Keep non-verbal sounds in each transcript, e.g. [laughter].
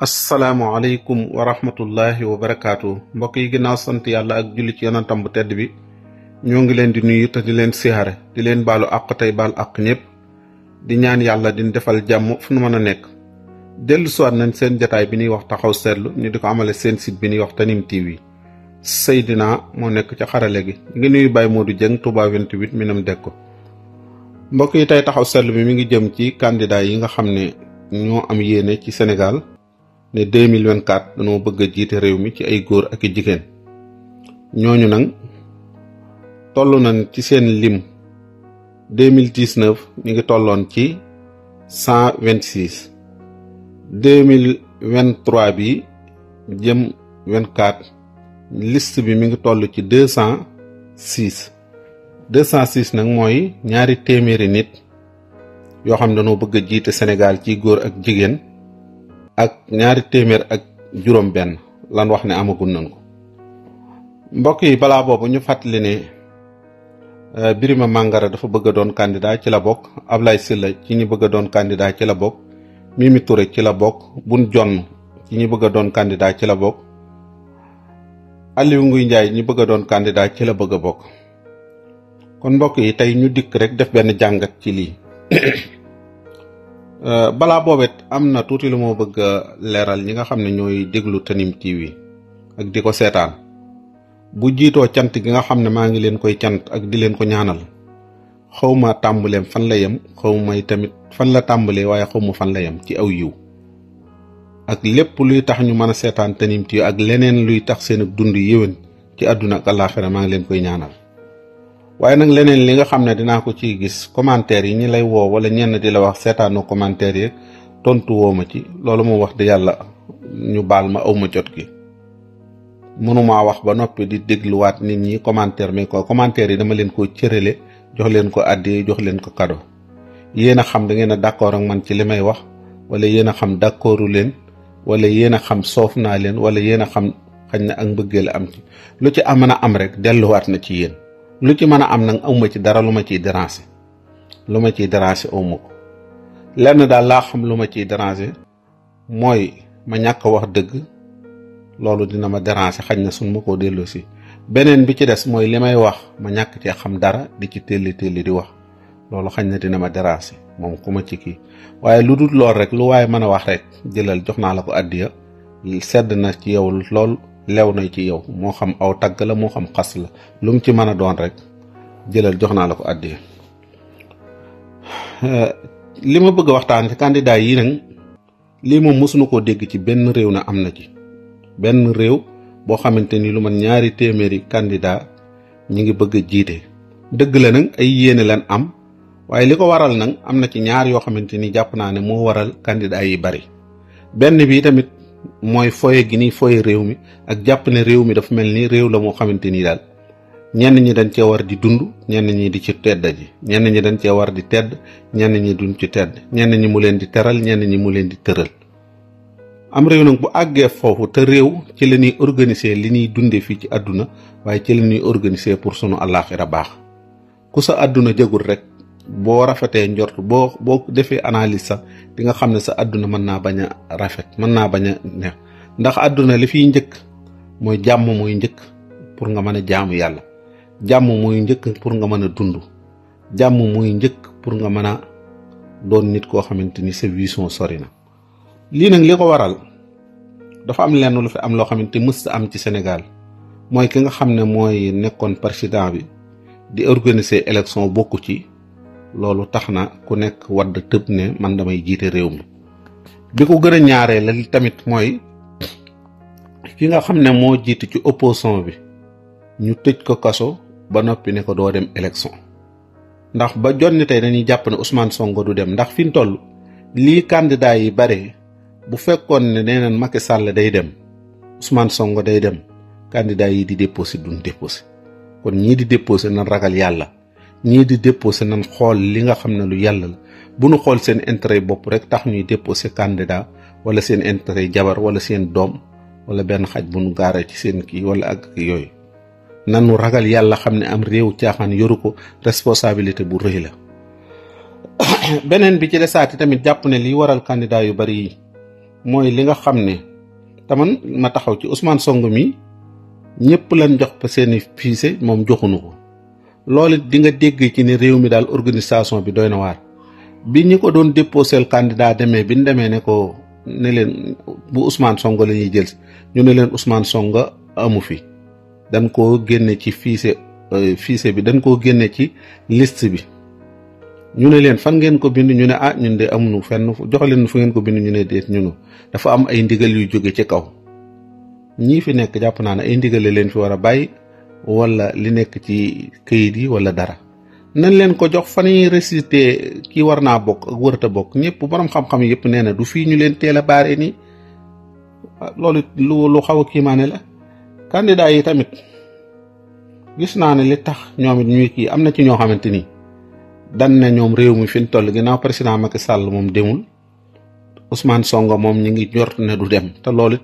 asalaamualeykum wa rahmatullahi wa barakaatu mbokk yi ginnaaw sant yàlla ak julli ci yonantam bu tedd bi ñoo ngi leen di nuyu te di leen siyaare di leen baalu àq tey baal àq ñëpp di ñaan yàlla di defal jàmm fu nu mën a nekk dellu nañ seen jataay bi ñuy wax taxaw seetlu ñu di ko amale seen sit bi ñuy wax yi TV Seydina moo nekk ci xarale gi ngi nuyu Baye Modou Dieng Touba 28 minam dëkk ko mbokk yi tey taxaw seetlu bi mi ngi jëm ci candidat yi nga xam ne ñoo am yéene ci Sénégal ne 2024 danoo bëgg a jiite réew mi ci ay góor ak i jigéen ñooñu nag toll nañ ci seen lim 2019 ñu ngi tolloon ci 126 2023 bi jëm 24 list bi mi ngi toll ci 206 206 nag mooy ñaari téeméeri nit yoo xam ne danoo bëgg a jiite senegal ci góor ak jigéen ak ñaari téeméer ak juróom benn lan wax ne amagun nañ ko mbokk yi balaa boobu ñu fàttali ne euh, Birima Mangara dafa bëgg doon candidat ci la bokk Ablaye Sylla ci bëgg a doon candidat ci la bokk Mimi Touré ci la bokk Boun Dionne ci ñi bëgg a doon candidat ci la bokk Aliou Nguy Ndiaye ñi bëgg a doon candidat ci la bëgg a bokk kon mbokk yi tey ñu dikk rek def benn jàngat ci lii [coughs] Euh, balaa boobet am na tuuti lu moo bëgg a leeral ñi nga xam ne ñooy déglu Tanime yi ak di ko seetaan bu jiitoo cant gi nga xam ne maa ngi leen koy cant ak di leen ko ñaanal xawma ma tàmbaleem fan la yem xaw may tamit fan la tàmbalee waaye xaw ma fan la yem ci aw yiw ak lépp luy tax ñu mën a seetaan Tanime TV ak leneen luy tax seen dund yéwén ci àdduna ak àllaaxira maa ngi leen koy ñaanal waaye nag leneen li nga xam ne dinaa ko ciy gis commentaire yi ñi lay woo wala ñenn di la wax seetaanoo commentaire yi tontu woo ma ci loolu moo wax di yàlla ñu baal ma aw ma jot gi mënumaa wax ba noppi di dégluwaat nit ñi commentaire mi ko commentaire yi dama leen ko cërale jox leen ko addi jox leen ko kado yéen a xam dangeen ngeen a ak man ci li may wax wala yéen a xam d'accordu leen wala yéen a xam soof naa leen wala yéen a xam xañ na ak mbëggeel am ci lu ci amën a am rek delluwaat na ci yéen lu ci mën a am nag awma ci dara lu ma ciy déranger lu ma ciy déranger awma ko lenn daal laa xam lu ma ciy déranger mooy ma ñàkk wax dëgg loolu dina ma déranger xañ na suñ ma koo dellu si beneen bi ci des mooy li may wax ma ñàkk cee xam dara di ci telli telli di wax loolu xañ na dina ma déranger moom ku ma ci kii waaye lu dul lool rek lu waaye mën a wax rek jëlal jox naa la ko àddiya sedd na ci yow lool lew na ci yow moo xam aw tagg la moo xam xas la lu mu ci mën a doon rek jëlal jox naa la ko àddee [sighs] li ma bëgg a waxtaan ci yi nag lii moom mësuñu koo dégg ci benn réew na am na ci benn réew boo xamante ni lu ma ñaari téeméeri candidat ñi ngi bëgg a jiite dëgg la nag ay yéene lan am waaye li ko waral nag am na ci ñaar yoo xamante ni jàpp naa ne moo waral candidat yi bari benn bi tamit mooy foye gi ni foye réew mi ak jàpp ne réew mi dafa mel ni réew la moo xamante nii daal ñenn ñi dañ cee war di dund ñenn ñi di ci tedd ji ñenn ñi dañ cee war di tedd ñenn ñi duñ ci tedd ñenn ñi mu leen di teral ñenn ñi mu leen di tëral. am réew nag bu àggee foofu te réew ci la ñuy organiser li ñuy dundee fii ci àdduna waaye ci la ñuy organiser pour sunu àllaaxira baax ku sa àdduna jagul rek boo rafetee njort boo boo defee analyse sax di nga xam ne sa àdduna mën naa bañ a rafet mën naa bañ a neex ndax àdduna li fiy njëkk mooy jàmm mooy njëkk pour nga mën a jaamu yàlla jàmm mooy njëkk pour nga mën a dund jàmm mooy njëkk pour nga mën a doon nit koo xamante ni sa vision sori na. lii nag li ko waral dafa am lenn lu fi am loo xamante ni mës am ci senegal mooy ki nga xam ne mooy nekkoon président bi di organiser élection bokku ci. loolu tax na ku nekk wadd tëb ne man damay jiite réew mi bi ko gën a ñaaree la li tamit mooy ki nga xam ne moo jiitu ci opposition bi ñu tëj ko kaso ba noppi ne ko doo dem élection ndax ba jonni tey dañuy jàpp ne Ousmane songo du dem ndax fi mu toll lii candidat yi bare bu fekkoon ne nee naan Macky Sall day dem Ousmane songo day dem candidat yi di déposé duñ déposé kon ñii di déposé na ragal yàlla ñii di déposé nan xool li nga xam ne lu yàlla la bu nu xool seen intérêt bopp rek tax ñuy déposé candidat wala seen intérêt jabar wala seen doom wala benn xaj bu nu gaaree ci seen kii wala ak yooyu nanu ragal yàlla xam ne am réew caaxaan yoru ko responsabilité bu rëy la [coughs] beneen bi ci desaati tamit jàpp ne liy waral candidat yu bari yi mooy li nga xam ne taman ma taxaw ci Ousmane song mi ñëpp lan jox pa seeni fiise moom joxunu ko loolu it di nga dégg ci ni réew mi daal organisation bi doy na waar bi ñi ko doon déposé candidat demee bi ñu demee ne ko ne leen bu usmaan Sonko lañuy ñuy jël ñu ne leen Ousmane Sonko amu fi dañ koo génne ci fiise euh, fiise bi dañ koo génne ci liste bi ñu ne leen fan ngeen ko bind ñu ne ah ñun de amuñu fenn jox leen fu ngeen ko bind ñu ne déet ñunu dafa am ay ndigal yu jóge ci kaw ñii fi nekk jàpp naa ne ay ndigal leen fi war a bàyyi wala li nekk ci këyit yi wala dara nañ leen ko jox fan yi récité kii war naa bokk ak wërta bokk ñëpp borom xam-xam yëpp nee na du fii ñu leen teel a baare nii ah, loolu lu lu xaw a kiimaane la kandidaa yi tamit gis naa ne li tax ñoom it ñuy kii am na ci ñoo xamante ni dan ne ñoom réew mi fi ñu toll ginnaaw président Macky sàll moom demul Ousmane Sonko moom ñu ngi jort ne du dem te loolu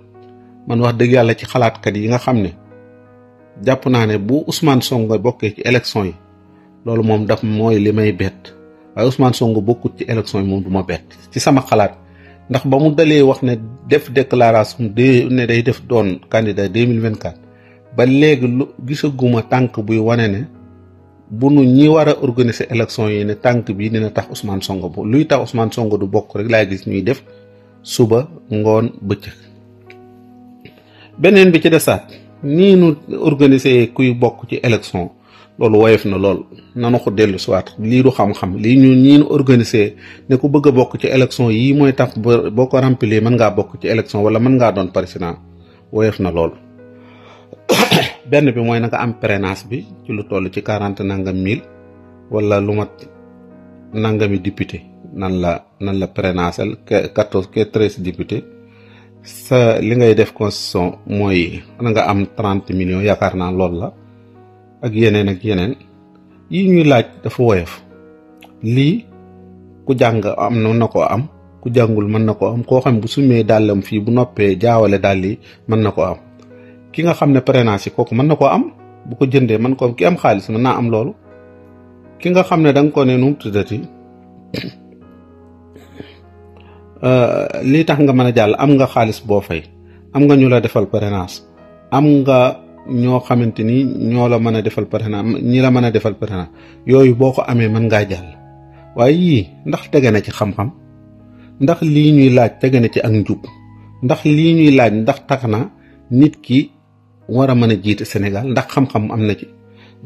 man wax dëgg yàlla ci xalaatkat yi nga xam ne jàpp naa ne bu Ousmane Sonko bokkee ci élection yi loolu moom daf mooy li may bett waaye Ousmane Sonko bokkut ci élection yi moom du ma bett ci sama xalaat ndax ba mu dalee wax ne def déclaration de ne day def doon candidat deux mille vingt quatre ba léegi lu gisaguma tànk buy wane ne bu nu ñi war a organiser yi ne tànk bi dina tax Ousmane Sonko bu luy tax Ousmane Sonko du bokk rek laay gis ñuy def suba ngoon bëccëg beneen bi ci desaat nii nu organiser kuy bokk ci élection loolu woyof na lool nanu ko dellu siwaat lii du xam-xam lii ñu ñiin organiser ne ku bëgg a bokk ci élection yii mooy tax boo ko remplir mën ngaa bokk ci élection wala mën ngaa doon président woyof na lool [coughs] benn bi mooy na nga am parrainage bi ci lu toll ci quarante nangam mille wala lu mat nangami député nan la nan la parrainage quatorze quatorze député sa li ngay def constitution mooy na nga am trente millions yaakaar naa loolu la ak yeneen ak yeneen yi ñuy laaj dafa woyof lii ku jàng am na ko am ku jàngul mën na ko am koo xam bu sumee dàllam fii bu noppee jaawale dàll yi mën na ko am ki nga xam ne prénance yi kooku mën na koo am bu ko jëndee mën ko am ki am xaalis mën naa am loolu ki nga xam ne danga ko ne nu mu tuddati Euh, lii tax nga mën a jàll am nga xaalis boo fay am nga ñu la defal parrainage am nga ñoo xamante ni ñoo la mën a defal parrainage ñi la mën a defal parrainage yooyu boo ko amee mën ngaa jàll waaye yii ndax tege na ci xam-xam ndax lii ñuy laaj tege na ci ak njub ndax lii ñuy laaj ndax tax na nit ki war a mën a jiit Sénégal ndax xam-xam am na ci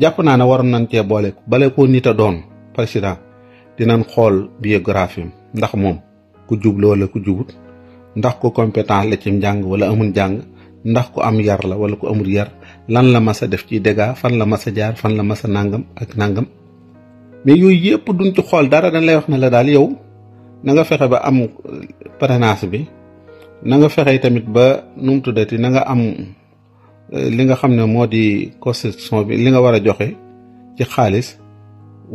jàpp naa ne waroon nañ cee boole bale ko nit a doon président dinañ xool biographie ndax moom ku jublu wala ku jubut ndax ku compétence la ci njàng wala amul njàng ndax ku am yar la wala ko amul yar lan la mas a def ci dégâts fan la mas sa jaar fan la mas a nàngam ak nàngam mais yooyu yëpp duñ ci xool dara dañ lay wax ne la daal yow na nga fexe ba am parrainage bi na nga fexe tamit ba nu mu tuddati na nga am euh, li nga xam ne moo di constitution bi li nga war a joxe ci xaalis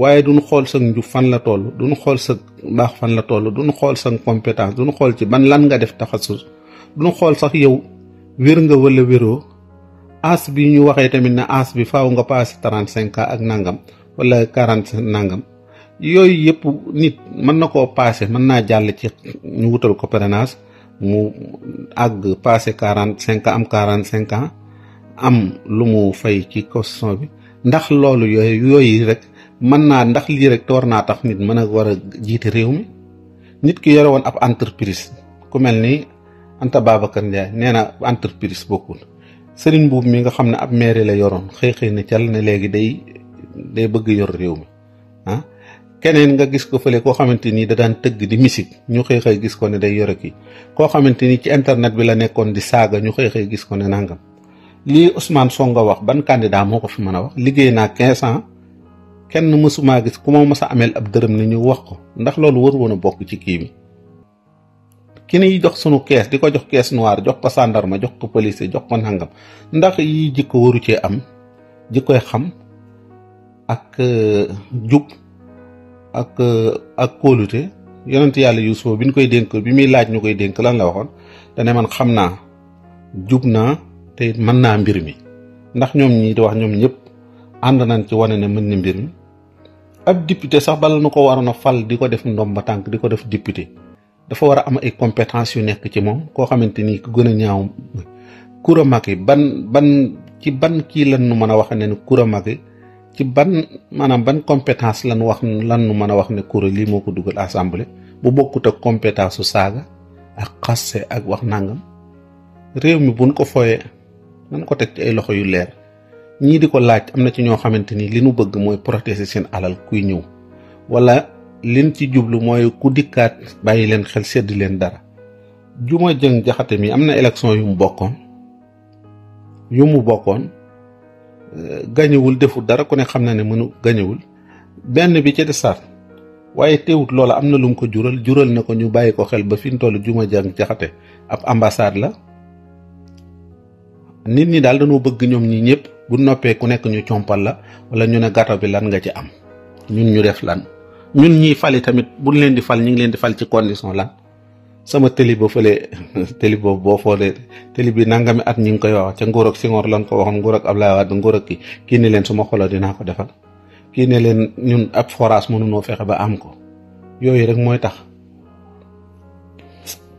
waaye duñ xool sa njub fan la toll duñ xool sa baax fan la toll duñ xool sa compétence duñ xool ci ban lan nga def taxasus duñ xool sax yow wér nga wala wéroo ass bi ñu waxee tamit na ass bi faaw nga passé trente cinq ak nangam wala quarante nangam yooyu yëpp nit mën na koo passé mën naa jàll ci ñu wutal ko mu àgg passé quarante cinq am quarante cinq ans am lu mu fay ci caution bi ndax loolu yooyu yooyu rek mën naa ndax lii rek te naa tax nit mën a war a jiite réew mi nit ki yore woon ab entreprise ku mel ni Anta Babacar Ndiaye nee na entreprise bokkul Serigne Mbuub mi nga xam ne ab maire la yoroon xëy xëy na cal ne léegi day day bëgg yor réew mi ah keneen nga gis ko fële koo xamante ni da daan tëgg di misik ñu xëy xëy gis ko ne day yore kii koo xamante ni ci internet bi la nekkoon di saaga ñu xëy xëy gis ko ne nangam lii Ousmane Sonko wax ban candidat moo ko mën a wax liggéey naa 15 ans. kenn mësumaa gis ku ma mës a ameel ab dërëm ne ñu wax ko ndax loolu war woon a bokk ci kii bi ki niy jox sunu kees di ko jox kees noir jox ko sàndarma jox ko policier jox ko nangam ndax yi jikko waru cee am jikkoy xam ak euh, jub ak euh, ak kóolute yonent yàlla yuusufa bi ñu koy dénk bi muy laaj ñu koy dénk lan la waxoon dane man xam naa jub naa te mën naa mbir mi ndax ñoom ñii di wax ñoom ñëpp ànd nañ ci wane ne mën na mbir mi ab député sax bala nu ko waroon a fal di ko def ndomba tànk di ko def député dafa war a am ay compétence yu nekk ci moom koo xamante ni ku gën a ñaaw Coura Macky ban ban ci ban kii lan nu mën a wax ne ni Coura ci ban maanaam ban compétence lan wax lan nu mën a wax ne Coura lii moo ko dugal assemblée bu bokkut compétence su saaga ak xasse ak wax nàngam réew mi buñ ko fooyee nan ko teg ci ay loxo yu leer ñii di ko laaj am na ci ñoo xamante ni li nu bëgg mooy protéger seen alal kuy ñëw wala liñ ci jublu mooy ku dikkaat bàyyi leen xel sedd leen dara juma jëng jaxate mi am na élection yu mu bokkoon yu mu bokkoon euh, gañewul deful dara ku ne xam na ne mënu gañëwul benn bi ca desaat waaye teewut loola am na lum ko jural jural na ko ñu bàyyi ko xel ba fi mu toll juma jëng jaxate ab ambassade la nit ñi daal dañoo bëgg ñoom ñii ñëpp bu noppee ku nekk ñu compal la wala ñu ne gâteau bi lan nga ci am ñun ñu def lan ñun fal fali tamit bu leen di fal ñu ngi leen di ci condition lan sama tëli ba fële [laughs] boo foolee tëli bi nangami at ñi ngi koy wax ca nguur ak Senghor lan ko waxoon nguur ak Abdoulaye Wade kii kii leen suma xolo dinaa ko defal kii ne leen ñun ab forage mënunoo fexe ba am ko yooyu rek mooy tax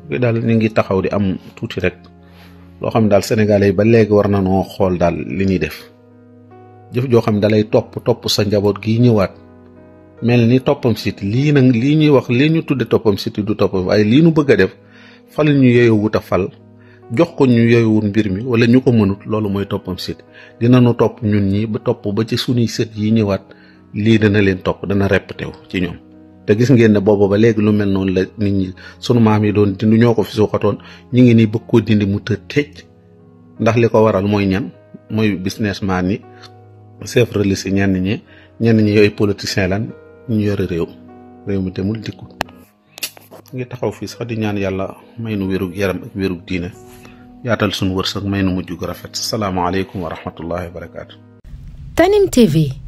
daal ñu ngi taxaw di am tuuti rek loo xam ne daal sénégalais yi ba léegi war na noo xool daal li ñuy def jëf joo xam ne dalay topp topp sa njaboot gi ñëwaat mel ni toppam siti lii nag lii ñuy wax lii ñu tudd toppam siti du topp waaye lii nu bëgg a def fal ñu yeyowut a fal jox ko ñu yeyowut mbir mi wala ñu ko mënut loolu mooy toppam siti dina nu topp ñun ñii ba topp ba ci sunuy sët yi ñëwaat lii dana leen topp dana répété wu ci ñoom te gis ngeen ne boobu ba léegi lu mel noonu la nit ñi sunu maam yi doon dindi ñoo ko fi suuxatoon ñu ngi nii bëgg koo dindi mu tëj tëj ndax li ko waral mooy ñan mooy businessman yi chef religieux ñan ñi ñenn ñi yooyu politicien lan ñu yore réew réew mi demul dikku ngi taxaw fii sax di ñaan yàlla maynu nu wérug yaram ak wérug diine yaatal sunu wërsëg may nu mujj gu rafet salaamaaleykum wa rahmatullahi wa barakaatu. Tanim TV.